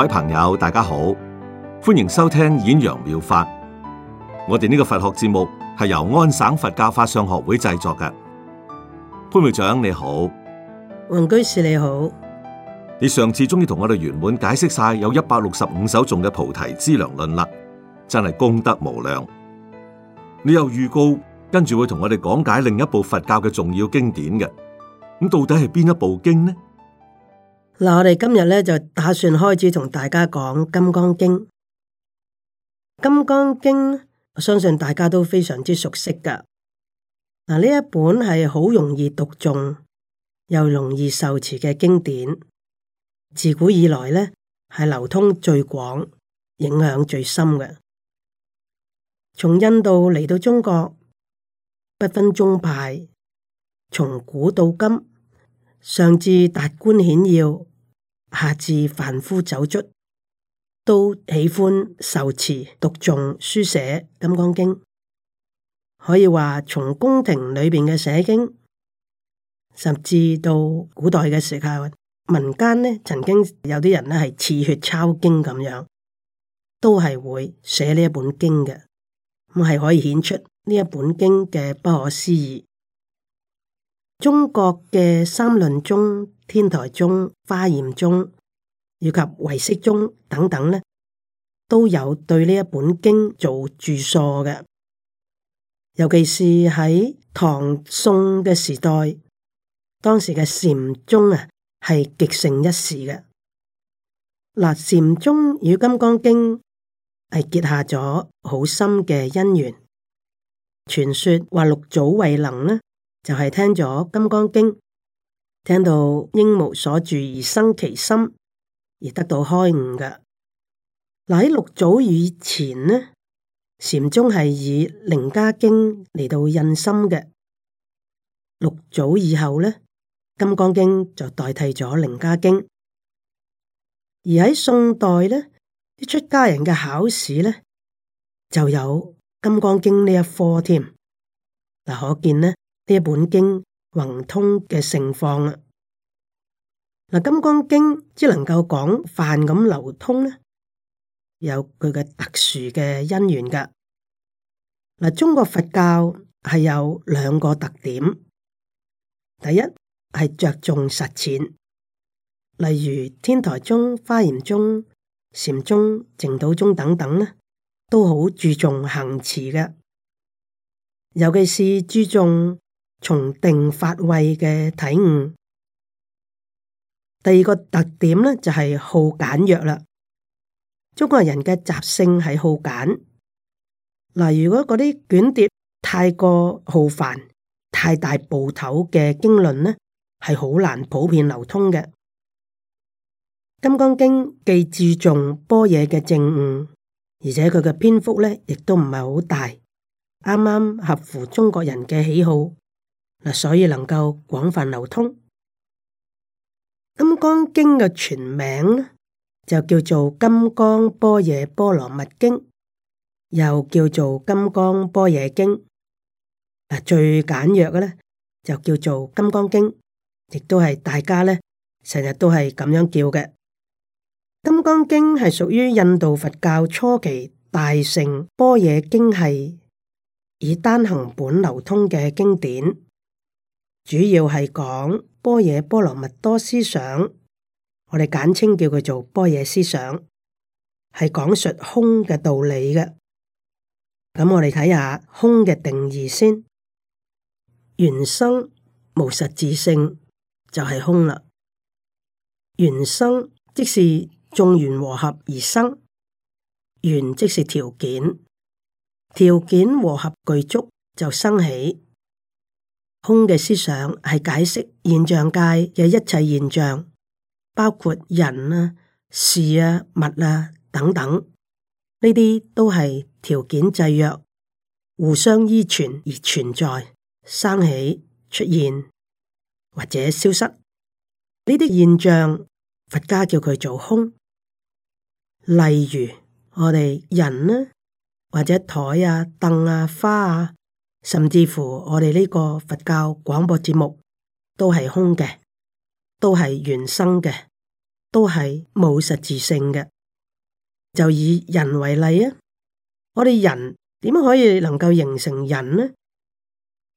各位朋友，大家好，歡迎收聽演揚妙法。我哋呢個佛學節目係由安省佛教法相學會製作嘅。潘會長你好，黃居士你好，你上次終於同我哋圓滿解釋晒有一百六十五首頌嘅《菩提資糧論》啦，真係功德無量。你又預告跟住會同我哋講解另一部佛教嘅重要經典嘅，咁到底係邊一部經呢？嗱，我哋今日呢就打算開始同大家講《金剛經》。《金剛經》我相信大家都非常之熟悉噶。嗱，呢一本係好容易讀誦，又容易受持嘅經典，自古以來呢，係流通最廣、影響最深嘅。從印度嚟到中國，不分宗派，從古到今，上至達官顯要。下至凡夫走卒都喜歡受持讀誦書寫金剛經，可以話從宮廷裏面嘅寫經，甚至到古代嘅時候，民間呢曾經有啲人呢係刺血抄經咁樣，都係會寫呢一本經嘅，咁係可以顯出呢一本經嘅不可思議。中國嘅三論宗。天台宗、華嚴宗以及唯識宗等等咧，都有對呢一本經做注疏嘅。尤其是喺唐宋嘅時代，當時嘅禪宗啊係極盛一時嘅。嗱，禪宗與金剛經係結下咗好深嘅因緣。傳說話六祖惠能呢，就係聽咗金剛經。聽到應無所住而生其心，而得到開悟嘅，嗱，喺六祖以前呢，禪宗係以《楞伽經》嚟到印心嘅；六祖以後呢，《金剛經》就代替咗《楞伽經》，而喺宋代呢啲出家人嘅考試呢，就有金剛《金剛經》呢一科添，嗱，可見呢呢一本經。弘通嘅盛況啦，嗱《金剛經》只能夠講泛咁流通咧，有佢嘅特殊嘅因緣噶。嗱，中國佛教係有兩個特點，第一係着重實踐，例如天台宗、華嚴宗、禪宗、淨土宗等等咧，都好注重行持嘅，尤其是注重從定法位嘅體悟，第二個特點咧就係好簡約啦。中國人嘅習性係好簡，嗱、呃，如果嗰啲卷帙太過浩繁，太大部頭嘅經論咧，係好難普遍流通嘅。金剛經既注重般若嘅正悟，而且佢嘅篇幅咧亦都唔係好大，啱啱合乎中國人嘅喜好。所以能夠廣泛流通。《金剛經》嘅全名就叫做《金剛般若波羅蜜經》，又叫做《金剛般若經》。最簡約嘅呢，就叫做《金剛經》，亦都係大家呢成日都係咁樣叫嘅。《金剛經》係屬於印度佛教初期大乘般若經系以單行本流通嘅經典。主要係講般若波羅蜜多思想，我哋簡稱叫佢做般若思想，係講述空嘅道理嘅。咁我哋睇下空嘅定義先。緣生無實質性就係、是、空啦。緣生即是眾緣和合而生，緣即是條件，條件和合具足就生起。空嘅思想係解釋現象界嘅一切現象，包括人啊、事啊、物啊等等，呢啲都係條件制約、互相依存而存在、生起、出現或者消失。呢啲現象佛家叫佢做空。例如我哋人呢，或者台啊、凳啊、花啊。甚至乎我哋呢個佛教廣播節目都係空嘅，都係原生嘅，都係冇實質性嘅。就以人為例啊，我哋人點可以能夠形成人呢？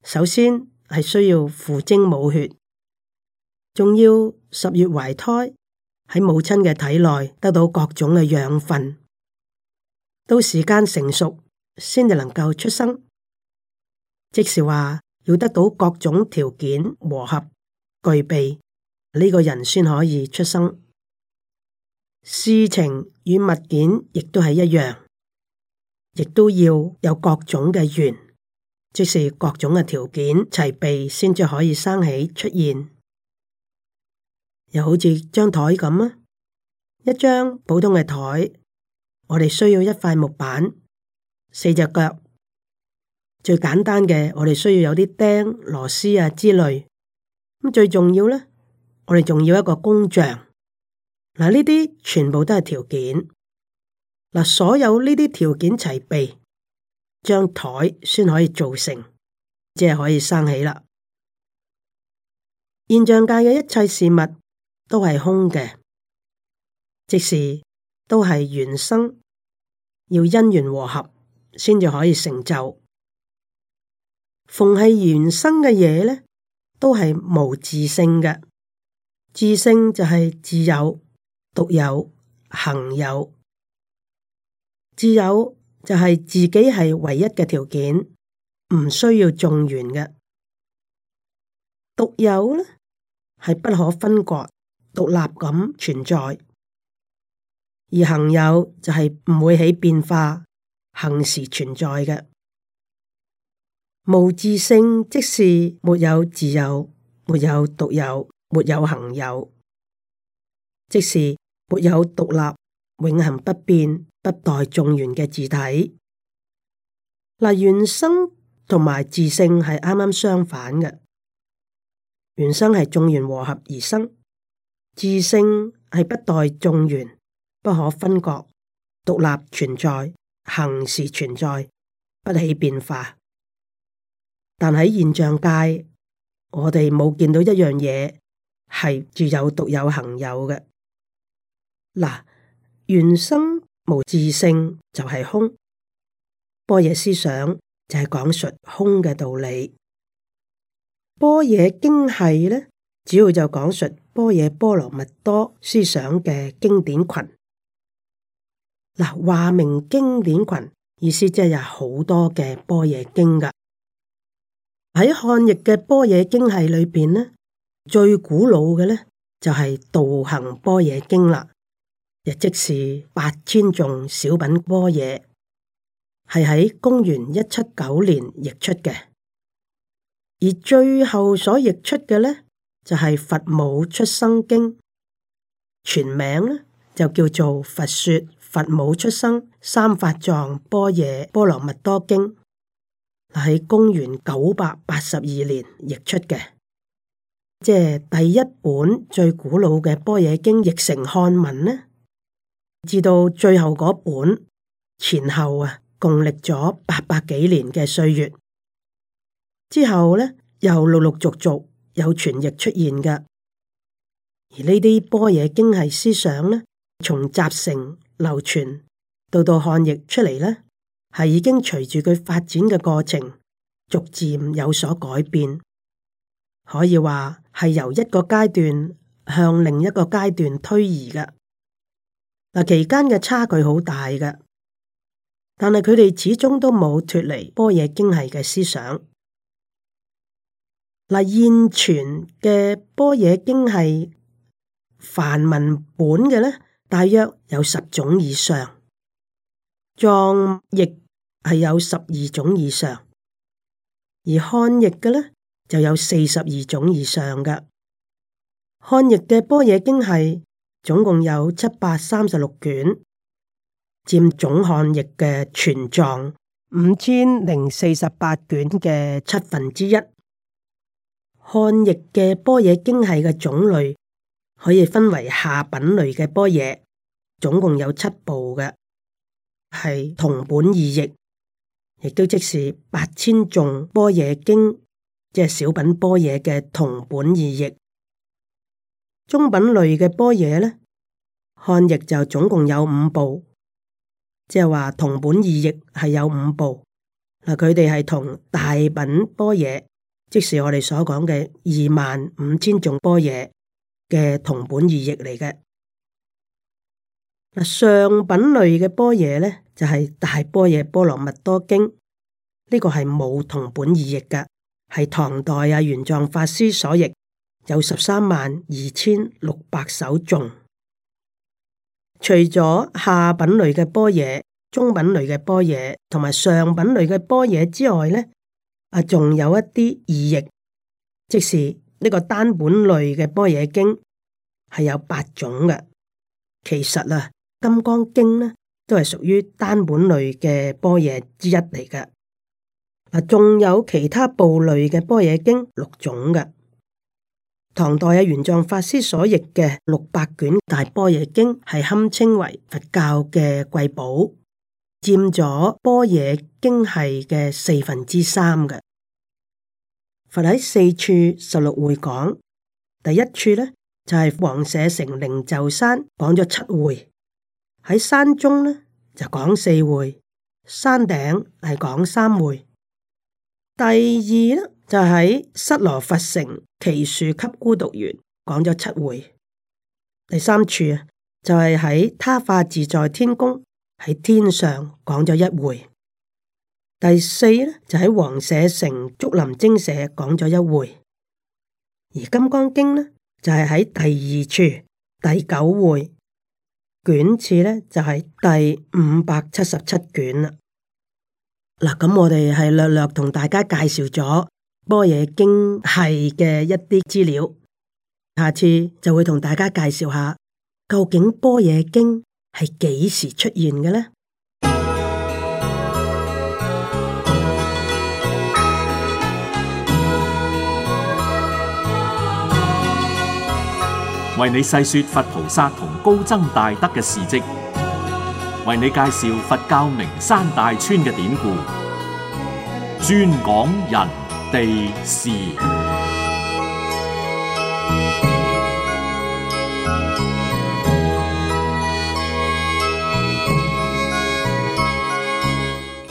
首先係需要父精母血，仲要十月懷胎喺母親嘅體內得到各種嘅養分，到時間成熟先至能夠出生。即是話要得到各種條件和合具備，呢個人先可以出生。事情與物件亦都係一樣，亦都要有各種嘅緣，即是各種嘅條件齊備先至可以生起出現。又好似張台咁啊，一張普通嘅台，我哋需要一塊木板、四隻腳。最簡單嘅，我哋需要有啲釘、螺絲啊之類。咁最重要咧，我哋仲要一個工匠。嗱，呢啲全部都係條件。嗱，所有呢啲條件齊備，張台先可以做成，即係可以生起啦。現象界嘅一切事物都係空嘅，即使都是都係緣生，要因緣和合先至可以成就。逢係原生嘅嘢咧，都係無自性嘅。自性就係自有、獨有、恆有。自有就係自己係唯一嘅條件，唔需要眾緣嘅。獨有咧係不可分割、獨立咁存在，而恆有就係唔會起變化、恆時存在嘅。無自性，即是沒有自有，沒有獨有、沒有恆有，即是沒有獨立、永恒不變、不待眾緣嘅自體。嗱，緣生同埋自性係啱啱相反嘅，緣生係眾緣和合而生，自性係不待眾緣、不可分割、獨立存在、恆時存在、不起變化。但喺現象界，我哋冇見到一樣嘢係具有獨有恆有嘅。嗱，緣生無自性就係空。般若思想就係講述空嘅道理。般若經係咧，主要就講述般若波羅蜜多思想嘅經典群。嗱，話明經典群意思即係有好多嘅般若經噶。喺漢譯嘅般若經系裏面，呢，最古老嘅呢就係、是、道行般若經啦，亦即是八千種小品般若，係喺公元一七九年譯出嘅。而最後所譯出嘅呢、就是，就係佛母出生經，全名呢就叫做《佛說佛母出生三法藏般若波羅蜜多經》。係公元九百八十二年譯出嘅，即係第一本最古老嘅般若經譯成漢文呢，至到最後嗰本前後啊，共歷咗八百幾年嘅歲月。之後呢又陸陸續續有傳譯出現㗎。而呢啲般若經係思想呢，從集成流傳到到漢譯出嚟呢。係已經隨住佢發展嘅過程，逐漸有所改變，可以話係由一個階段向另一個階段推移嘅。嗱，期間嘅差距好大嘅，但係佢哋始終都冇脫離般若經系嘅思想。嗱，現存嘅般若經系梵文本嘅咧，大約有十種以上，藏譯。係有十二種以上，而漢譯嘅呢就有四十二種以上嘅。漢譯嘅般若經系，總共有七百三十六卷，佔總漢譯嘅全藏五千零四十八卷嘅七分之一。漢譯嘅般若經系嘅種類可以分為下品類嘅般若，總共有七部嘅係同本異譯。亦都即是八千種般若經，即係小品般若嘅同本異譯。中品類嘅般若咧，漢譯就總共有五部，即係話同本異譯係有五部。嗱，佢哋係同大品般若，即是我哋所講嘅二萬五千種般若嘅同本異譯嚟嘅。上品類嘅般若呢，就係、是、大般若波羅蜜多經，呢、這個係冇同本異譯噶，係唐代啊玄奘法師所譯，有十三萬二千六百首頌。除咗下品類嘅般若，中品類嘅般若同埋上品類嘅般若之外呢，啊，仲有一啲異譯，即是呢個單本類嘅般若經係有八種嘅，其實啊。金剛經呢都係屬於單本類嘅般若之一嚟噶，嗱，仲有其他部類嘅般若經六種嘅。唐代有玄奘法師所譯嘅六百卷大般若經係堪稱為佛教嘅瑰寶，佔咗般若經係嘅四分之三嘅。佛喺四處十六會講，第一處呢就係、是、王舍城靈鷲山講咗七回。喺山中咧就講四會，山頂係講三會。第二咧就喺室羅筏城祇樹給孤獨園講咗七會。第三處啊就係、是、喺他化自在天宮喺天上講咗一會。第四咧就喺、是、王舍城竹林精舍講咗一會。而金剛經呢就係、是、喺第二處第九會。卷次呢就係、是、第五百七十七卷啦。嗱，咁我哋係略略同大家介紹咗般若經係嘅一啲資料，下次就會同大家介紹下究竟般若經係幾時出現嘅咧。為你細說佛菩薩同高僧大德嘅事蹟，為你介紹佛教名山大川嘅典故，專講人地事。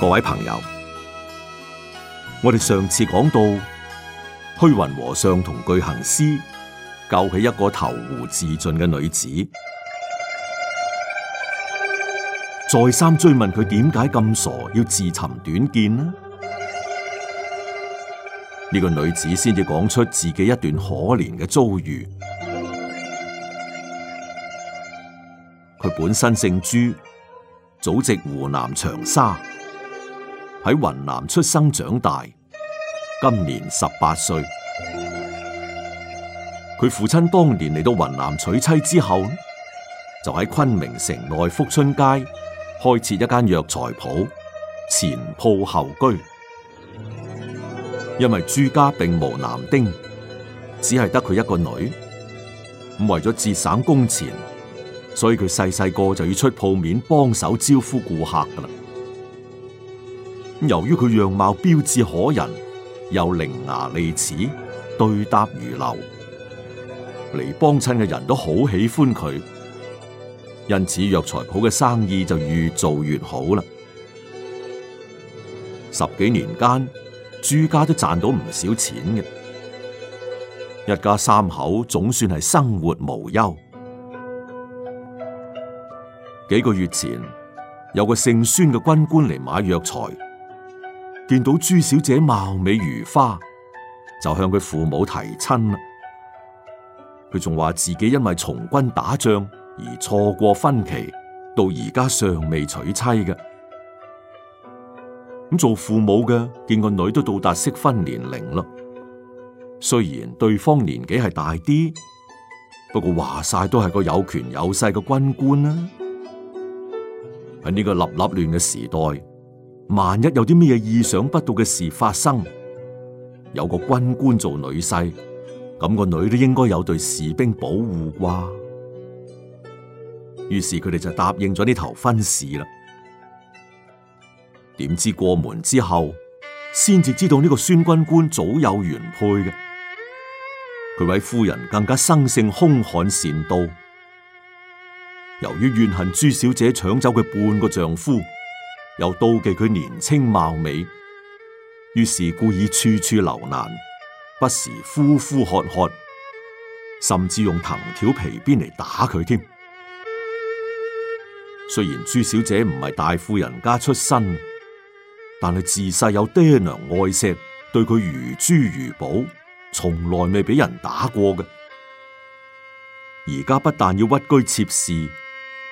各位朋友，我哋上次講到虛雲和尚同具行師，救起一個投湖自盡嘅女子，再三追問佢點解咁傻要自尋短見呢？呢、呢個女子先至講出自己一段可憐嘅遭遇。佢本身姓朱，祖籍湖南長沙，喺雲南出生長大，今年十八歲。佢父親當年嚟到雲南娶妻之後，就喺昆明城內福春街開設一間藥材鋪，前鋪後居。因為朱家並無男丁，只係得佢一個女，咁為咗節省工錢，所以佢細細個就要出鋪面幫手招呼顧客噶啦。由於佢樣貌標致可人，又伶牙俐齒，對答如流。嚟幫襯嘅人都好喜歡佢，因此藥材鋪嘅生意就越做越好啦。十幾年間，朱家都賺到唔少錢嘅，一家三口總算係生活無憂。幾個月前，有個姓孫嘅軍官嚟買藥材，見到朱小姐貌美如花，就向佢父母提親啦。佢仲話自己因為從軍打仗而錯過婚期，到而家尚未娶妻嘅。咁做父母嘅見個女都到達適婚年齡啦。雖然對方年紀係大啲，不過話晒都係個有權有勢嘅軍官啦啊。喺呢個立立亂嘅時代，萬一有啲咩意想不到嘅事發生，有個軍官做女婿。咁個女都應該有對士兵保護啩，於是佢哋就答應咗呢頭婚事啦。點知過門之後，先至知道呢個孫軍官早有原配嘅，佢位夫人更加生性凶悍善妒，由於怨恨朱小姐搶走佢半個丈夫，又妒忌佢年輕貌美，於是故意處處留難。不時呼呼喝喝，甚至用藤條皮鞭嚟打佢添。雖然朱小姐唔係大富人家出身，但係自細有爹娘愛錫，對佢如珠如寶，從來未俾人打過嘅。而家不但要屈居妾室，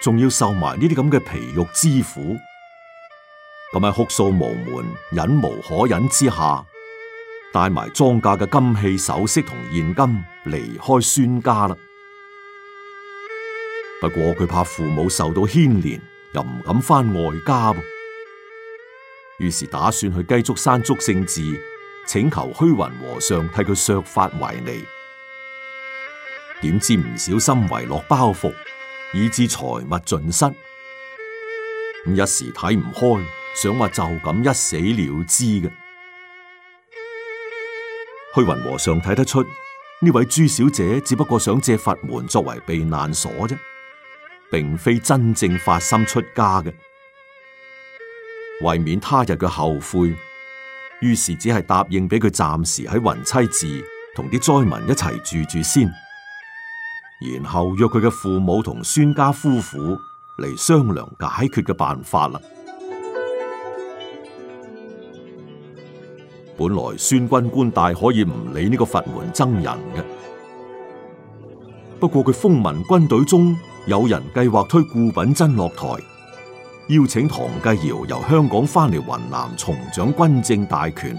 仲要受埋呢啲咁嘅皮肉之苦，咁喺哭訴無門、忍無可忍之下。帶埋莊家嘅金器首飾同現金離開孫家啦。不過佢怕父母受到牽連，又唔敢翻外家，於是打算去雞足山祝聖寺請求虛雲和尚替佢削髮為尼。點知唔小心遺落包袱，以致財物盡失。一時睇唔開，想話就咁一死了之嘅。虛雲和尚睇得出呢位朱小姐只不過想借佛門作為避難所啫，並非真正發心出家嘅。為免他日嘅後悔，於是只係答應俾佢暫時喺雲棲寺同啲災民一齊住住先，然後約佢嘅父母同孫家夫婦嚟商量解決嘅辦法啦。本來孫軍官大可以唔理呢個佛門僧人嘅，不過佢封文軍隊中有人計劃推顧品珍落台，邀請唐繼堯由香港翻嚟雲南重掌軍政大權。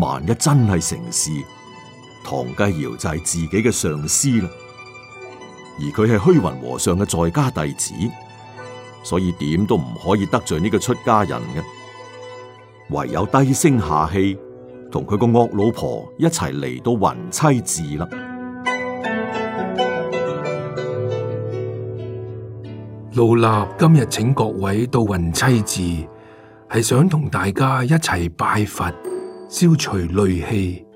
萬一真係成事，唐繼堯就係自己嘅上司啦。而佢係虛雲和尚嘅在家弟子，所以點都唔可以得罪呢個出家人嘅。唯有低聲下氣同佢個惡老婆一齊嚟到雲棲寺啦。老衲今日請各位到雲棲寺，係想同大家一齊拜佛，消除戾氣。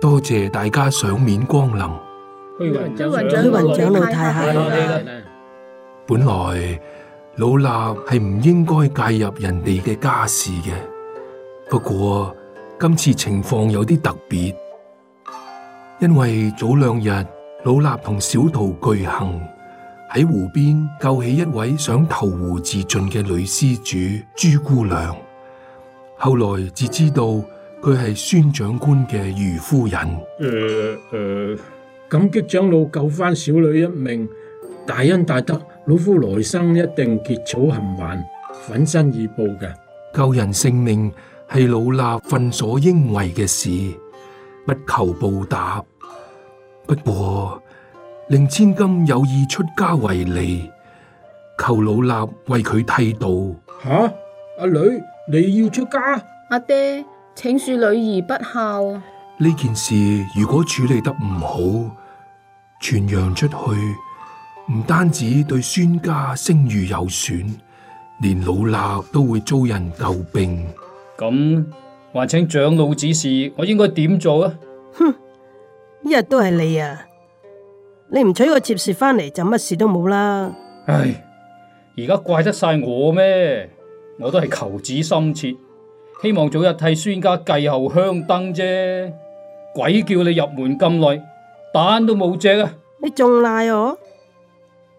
多謝大家賞面光臨。去迎張雲長老太下。本來老衲係唔應該介入人哋嘅家事嘅。不過今次情況有啲特別，因為早兩日老衲同小徒具行喺湖邊救起一位想投湖自盡嘅女施主朱姑娘，後來至知道佢係孫長官嘅虞夫人。誒誒，感激長老救翻小女一命，大恩大德，老夫來生一定結草銜環，粉身以報嘅。救人性命。係老衲份所應為嘅事，不求報答。不過令千金有意出家為尼，求老衲為佢剃度。吓，阿、啊、女，你要出家？阿、啊、爹，請恕女兒不孝。呢件事如果處理得唔好，傳揚出去，唔單止對孫家聲譽有損，連老衲都會遭人詬病。咁，還請長老指示，我應該點做啊？哼，呢日都係你啊！你唔娶個妾侍翻嚟就乜事都冇啦。唉，而家怪得晒我咩？我都係求子心切，希望早日替孫家繼後香燈啫。鬼叫你入門咁耐，蛋都冇隻啊！你仲賴我？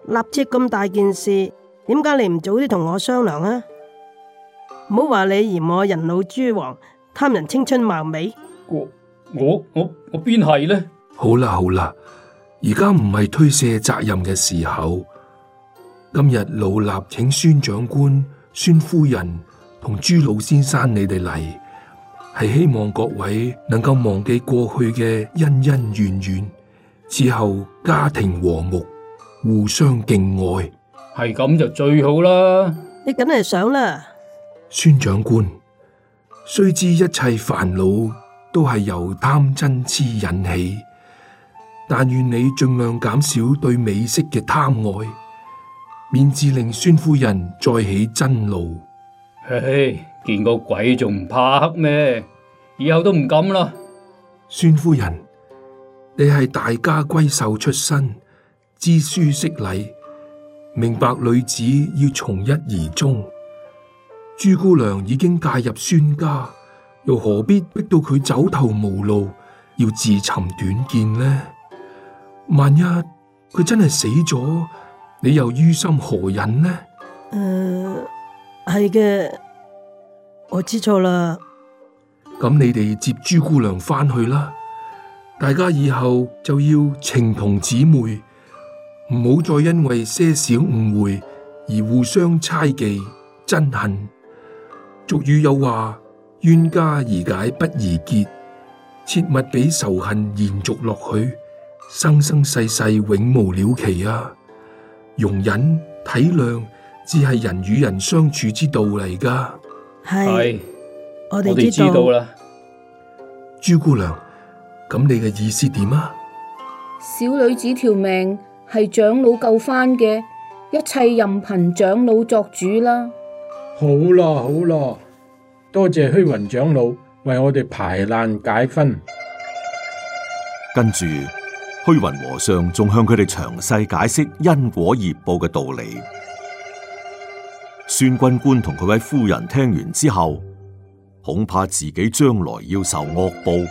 立妾咁大件事，點解你唔早啲同我商量啊？唔好話你嫌我人老珠黃，貪人青春貌美。我我我我邊係呢？好啦好啦，而家唔係推卸責任嘅時候。今日老衲請孫長官、孫夫人同朱老先生你哋嚟，係希望各位能夠忘記過去嘅恩恩怨怨，之後家庭和睦，互相敬愛，係咁就最好啦。你梗係想啦。.孫長官，雖知一切煩惱，都係由貪嗔痴引起。但願你盡量減少對美色嘅貪愛，免至令孫夫人再起嗔怒。嘿嘿，見個鬼仲唔怕黑咩？以後都唔敢啦。孫夫人，你係大家閨秀出身，朱姑娘已經嫁入孫家，又何必逼到佢走投無路，要自尋短見呢？萬一佢真係死咗，你又於心何忍呢？誒，係嘅，我知錯啦。咁你哋接朱姑娘返去啦，大家以後就要情同姊妹，唔好再因為些少誤會而互相猜忌、憎恨。俗語有話，冤家宜解不宜結，切勿俾仇恨延續落去，生生世世永無了期啊！容忍、體諒，只係人與人相處之道嚟噶。係，我哋知道啦。朱姑娘，咁你嘅意思點啊？小女子條命係長老救翻嘅，一切任憑長老作主啦。好咯，好咯，多謝虛雲長老為我哋排難解紛。跟住，虛雲和尚仲向佢哋詳細解釋因果業報嘅道理。孫軍官同佢位夫人聽完之後，恐怕自己將來要受惡報，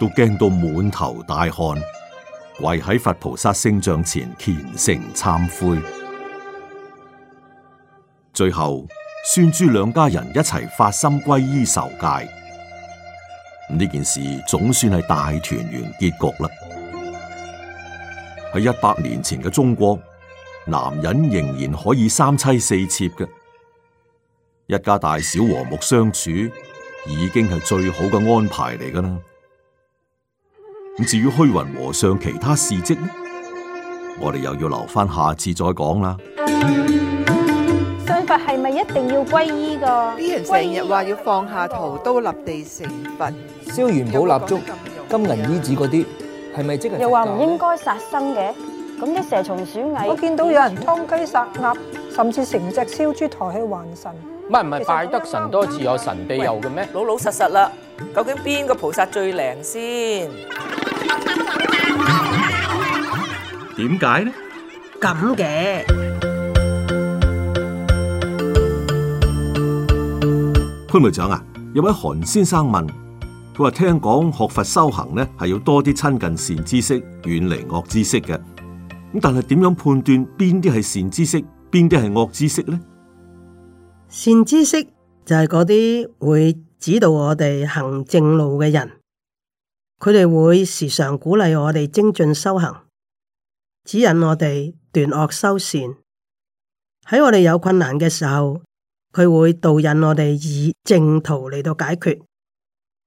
都驚到滿頭大汗，跪喺佛菩薩聖像前虔誠懺悔。最後。宣珠兩家人一齊發心歸依受戒，呢件事總算係大團圓結局啦。喺一百年前嘅中國，男人仍然可以三妻四妾嘅，一家大小和睦相處已經係最好嘅安排嚟噶啦。咁至於虛雲和尚其他事跡呢？我哋又要留翻下次再講啦。佛係咪一定要皈依噶？啲人成日話要放下屠刀立地成佛，燒元寶蠟燭、金銀衣紙嗰啲，係咪即係？又話唔應該殺生嘅，咁啲蛇蟲鼠蟻，我見到有人劏雞殺鴨，甚至成隻燒豬抬去還神。唔係唔係，拜得神多自有神庇佑嘅咩？老老實實啦，究竟邊個菩薩最靈先？點解呢？咁嘅。潘會長啊，有位韓先生問佢話：聽講學佛修行咧，係要多啲親近善知識，遠離惡知識嘅。咁但係點樣判斷邊啲係善知識，邊啲係惡知識咧？善知識就係嗰啲會指導我哋行正路嘅人，佢哋會時常鼓勵我哋精進修行，指引我哋斷惡修善。喺我哋有困難嘅時候，佢會導引我哋以正途嚟到解決，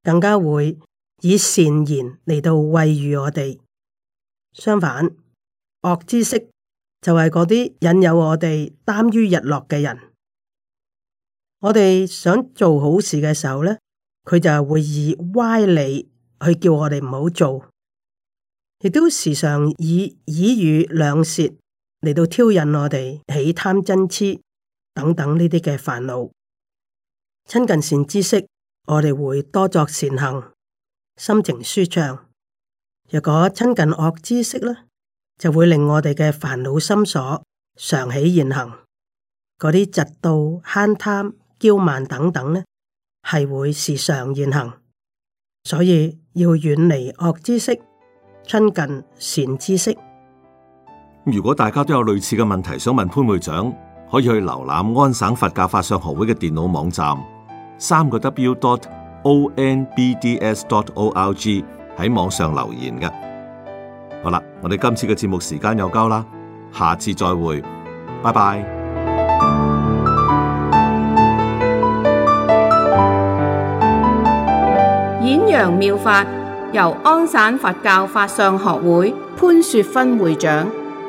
更加會以善言嚟到慰喻我哋。相反，惡知識就係嗰啲引誘我哋耽於逸樂嘅人。我哋想做好事嘅時候咧，佢就係會以歪理去叫我哋唔好做，亦都時常以綺語兩舌嚟到挑引我哋起貪瞋痴，等等呢啲嘅煩惱，親近善知識，我哋會多作善行，心情舒暢。若果親近惡知識呢，就會令我哋嘅煩惱心所常起現行。嗰啲嫉妒、慳貪、驕慢等等呢係會時常現行。所以要遠離惡知識，親近善知識。如果大家都有類似嘅問題想問潘會長，可以去瀏覽安省佛教法相學會嘅電腦網站，三個 w.dot.o.n.b.d.s.dot.o.r.g 喺網上留言㗎。好啦，我哋今次嘅節目時間又夠啦，下次再會，拜拜。演揚妙法由安省佛教法相學會潘雪芬會長。